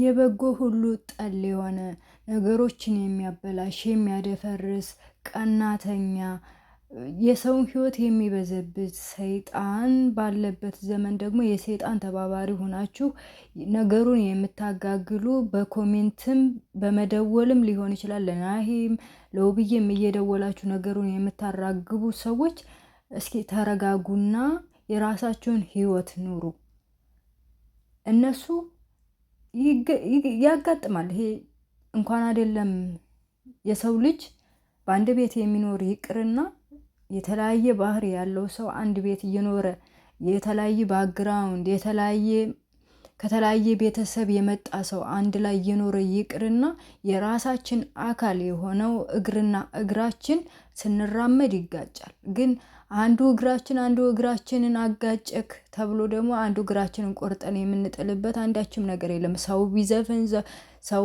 የበጎ ሁሉ ጠል የሆነ ነገሮችን የሚያበላሽ የሚያደፈርስ ቀናተኛ የሰውን ህይወት የሚበዘብዝ ሰይጣን ባለበት ዘመን ደግሞ የሰይጣን ተባባሪ ሆናችሁ ነገሩን የምታጋግሉ በኮሜንትም በመደወልም ሊሆን ይችላል። ለናሂም ለውብዬም እየደወላችሁ ነገሩን የምታራግቡ ሰዎች እስኪ ተረጋጉና የራሳችሁን ህይወት ኑሩ እነሱ ያጋጥማል። ይሄ እንኳን አይደለም የሰው ልጅ በአንድ ቤት የሚኖር ይቅርና የተለያየ ባህሪ ያለው ሰው አንድ ቤት እየኖረ የተለያየ ባክግራውንድ የተለያየ ከተለያየ ቤተሰብ የመጣ ሰው አንድ ላይ እየኖረ ይቅርና የራሳችን አካል የሆነው እግርና እግራችን ስንራመድ ይጋጫል። ግን አንዱ እግራችን አንዱ እግራችንን አጋጨክ ተብሎ ደግሞ አንዱ እግራችንን ቆርጠን የምንጥልበት አንዳችም ነገር የለም። ሰው ቢዘፍን ሰው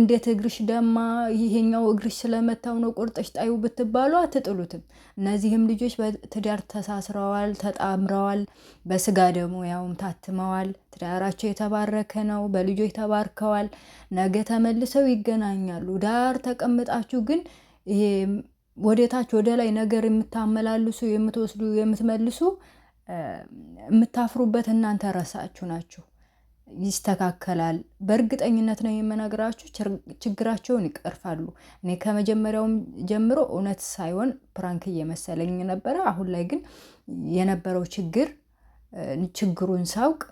እንዴት እግርሽ ደማ፣ ይሄኛው እግርሽ ስለመታው ነው ቆርጠሽ ጣዩ ብትባሉ አትጥሉትም። እነዚህም ልጆች በትዳር ተሳስረዋል፣ ተጣምረዋል፣ በስጋ ደግሞ ያውም ታትመዋል። ትዳራቸው የተባረከ ነው፣ በልጆች ተባርከዋል። ነገ ተመልሰው ይገናኛሉ። ዳር ተቀምጣችሁ ግን ይሄ ወደታች ወደ ላይ ነገር የምታመላልሱ የምትወስዱ የምትመልሱ የምታፍሩበት እናንተ ረሳችሁ ናችሁ። ይስተካከላል። በእርግጠኝነት ነው የምነግራችሁ፣ ችግራቸውን ይቀርፋሉ። እኔ ከመጀመሪያውም ጀምሮ እውነት ሳይሆን ፕራንክ እየመሰለኝ ነበረ። አሁን ላይ ግን የነበረው ችግር ችግሩን ሳውቅ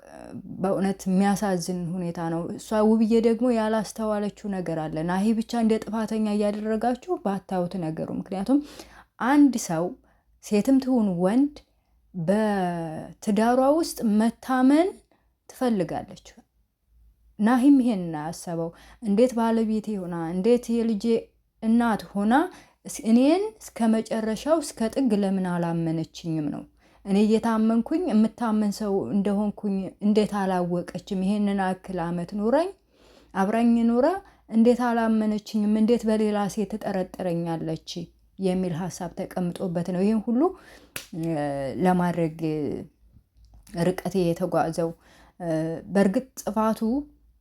በእውነት የሚያሳዝን ሁኔታ ነው። እሷ ውብዬ ደግሞ ያላስተዋለችው ነገር አለ። ናሂ ብቻ እንደ ጥፋተኛ እያደረጋችሁ ባታዩት ነገሩ። ምክንያቱም አንድ ሰው ሴትም ትሁን ወንድ በትዳሯ ውስጥ መታመን ትፈልጋለች። ናሂም ይሄን ያሰበው እንዴት ባለቤቴ ሆና እንዴት የልጄ እናት ሆና እኔን እስከ መጨረሻው እስከ ጥግ ለምን አላመነችኝም ነው እኔ እየታመንኩኝ የምታመን ሰው እንደሆንኩኝ እንዴት አላወቀችም? ይሄንን አክል አመት ኑረኝ አብራኝ ኑራ እንዴት አላመነችኝም? እንዴት በሌላ ሴት ትጠረጥረኛለች? የሚል ሀሳብ ተቀምጦበት ነው ይህን ሁሉ ለማድረግ ርቀቴ የተጓዘው። በእርግጥ ጥፋቱ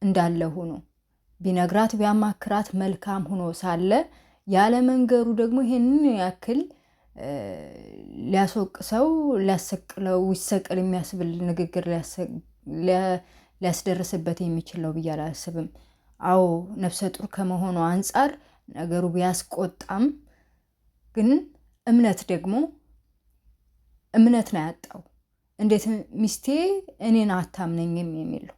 እንዳለ ሆኖ ቢነግራት ቢያማክራት መልካም ሆኖ ሳለ ያለ መንገሩ ደግሞ ይህንን ያክል ሊያስወቅሰው ሊያሰቅለው ይሰቅል የሚያስብል ንግግር ሊያስደርስበት የሚችል ነው ብዬ አላስብም። አዎ ነፍሰ ጡር ከመሆኑ አንጻር ነገሩ ቢያስቆጣም ግን እምነት ደግሞ እምነት ነው ያጣው። እንዴት ሚስቴ እኔን አታምነኝም የሚለው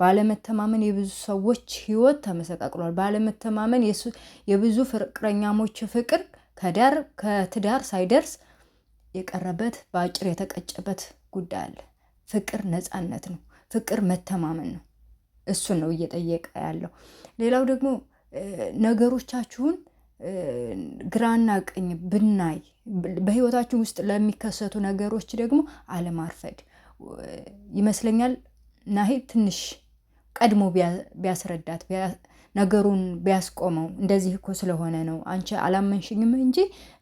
ባለመተማመን የብዙ ሰዎች ህይወት ተመሰቃቅሏል። ባለመተማመን የብዙ ፍቅረኛሞች ፍቅር ከትዳር ሳይደርስ የቀረበት በአጭር የተቀጨበት ጉዳይ አለ። ፍቅር ነፃነት ነው። ፍቅር መተማመን ነው። እሱን ነው እየጠየቀ ያለው። ሌላው ደግሞ ነገሮቻችሁን ግራና ቀኝ ብናይ በህይወታችን ውስጥ ለሚከሰቱ ነገሮች ደግሞ አለማርፈድ ይመስለኛል ናሂ ትንሽ ቀድሞ ቢያስረዳት ነገሩን ቢያስቆመው እንደዚህ እኮ ስለሆነ ነው አንቺ አላመንሽኝም እንጂ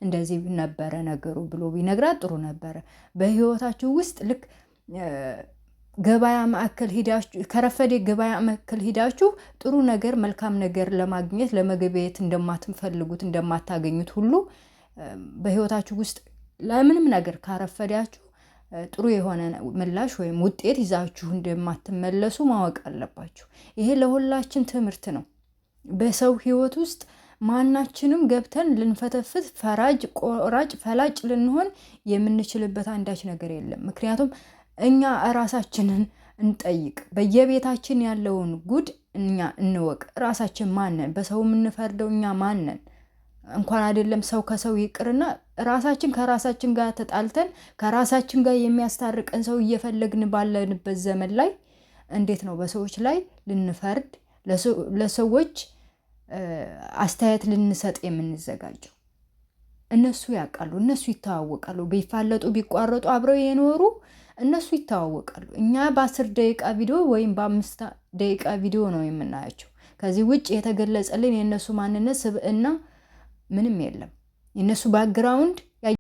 እንደዚህ ነበረ ነገሩ ብሎ ቢነግራት ጥሩ ነበረ። በህይወታችሁ ውስጥ ልክ ገበያ ማዕከል ሂዳችሁ ከረፈዴ ገበያ ማዕከል ሂዳችሁ ጥሩ ነገር መልካም ነገር ለማግኘት ለመገበየት እንደማትፈልጉት እንደማታገኙት ሁሉ በህይወታችሁ ውስጥ ለምንም ነገር ካረፈዳችሁ ጥሩ የሆነ ምላሽ ወይም ውጤት ይዛችሁ እንደማትመለሱ ማወቅ አለባችሁ። ይሄ ለሁላችን ትምህርት ነው። በሰው ህይወት ውስጥ ማናችንም ገብተን ልንፈተፍት ፈራጅ፣ ቆራጭ፣ ፈላጭ ልንሆን የምንችልበት አንዳች ነገር የለም። ምክንያቱም እኛ ራሳችንን እንጠይቅ። በየቤታችን ያለውን ጉድ እኛ እንወቅ። ራሳችን ማን ነን? በሰው የምንፈርደው እኛ ማን ነን? እንኳን አይደለም ሰው ከሰው ይቅርና ራሳችን ከራሳችን ጋር ተጣልተን ከራሳችን ጋር የሚያስታርቀን ሰው እየፈለግን ባለንበት ዘመን ላይ እንዴት ነው በሰዎች ላይ ልንፈርድ ለሰዎች አስተያየት ልንሰጥ የምንዘጋጀው? እነሱ ያውቃሉ፣ እነሱ ይተዋወቃሉ። ቢፋለጡ ቢቋረጡ አብረው የኖሩ እነሱ ይተዋወቃሉ። እኛ በአስር ደቂቃ ቪዲዮ ወይም በአምስት ደቂቃ ቪዲዮ ነው የምናያቸው። ከዚህ ውጭ የተገለጸልን የእነሱ ማንነት ስብዕና ምንም የለም የእነሱ ባክግራውንድ